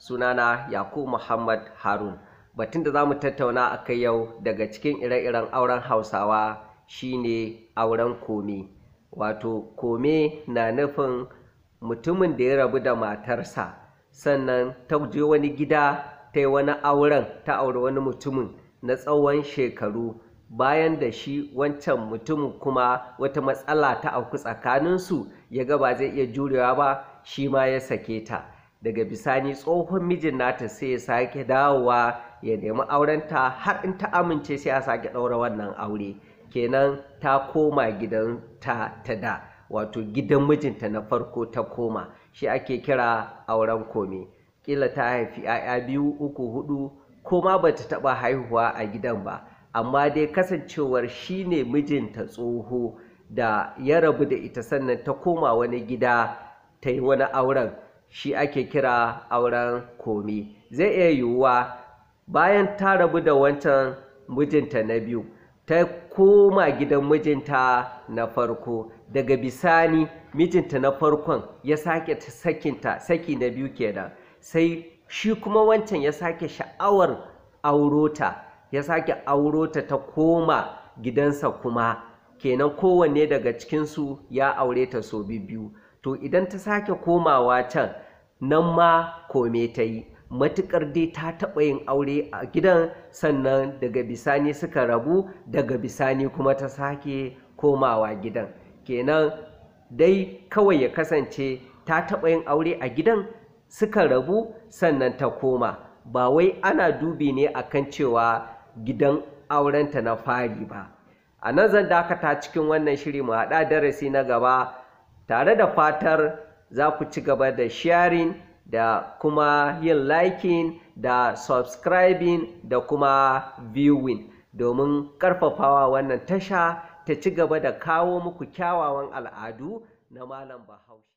sunana yakub muhammad harun batun da za mu tattauna a kai yau daga cikin ire-iren auren hausawa shine auren kome wato kome na nufin mutumin da ya rabu da matarsa sannan ta je wani gida ta yi wani auren ta auri wani mutumin na tsawon shekaru bayan da shi wancan mutumin kuma wata matsala ta auku tsakaninsu ya ga ba zai iya jurewa ba shi ma ya sake ta daga bisani tsohon mijin nata sai ya sake dawowa ya nemi aurenta har in ta amince sai a sake ɗaura wannan aure kenan ta koma gidan ta ta da wato gidan mijinta na farko ta koma shi ake kira auren kome Ƙila ta haifi 'ya'ya biyu uku hudu ko ma bata taɓa haihuwa a gidan ba amma dai kasancewar shi ne mijinta tsoho da ya rabu da ita sannan ta koma wani gida ta yi wani auren shi ake kira auren komi zai iya yiwuwa bayan ta rabu da wancan mijinta na biyu ta koma gidan mijinta na farko daga bisani mijinta na farkon ya sake sakinta saki na biyu kenan sai shi kuma wancan ya sake sha'awar aurota ya sake aurota ta koma gidansa kuma kenan kowanne daga cikinsu ya aure ta so biyu to idan ta sake komawa can nan ma kome ta yi matuƙar dai ta taɓa yin aure a gidan sannan daga bisani suka rabu daga bisani kuma ta sake komawa gidan kenan dai kawai ya kasance ta taɓa yin aure a gidan suka rabu sannan ta koma ba wai ana dubi ne a kan cewa gidan aurenta na fari ba a nan zan dakata cikin wannan shiri mu haɗa darasi na gaba tare da fatar za ku ci gaba da sharing da kuma yin liking da subscribing da kuma viewing domin ƙarfafawa wannan tasha ta ci gaba da kawo muku kyawawan al'adu na Malam Bahaushe.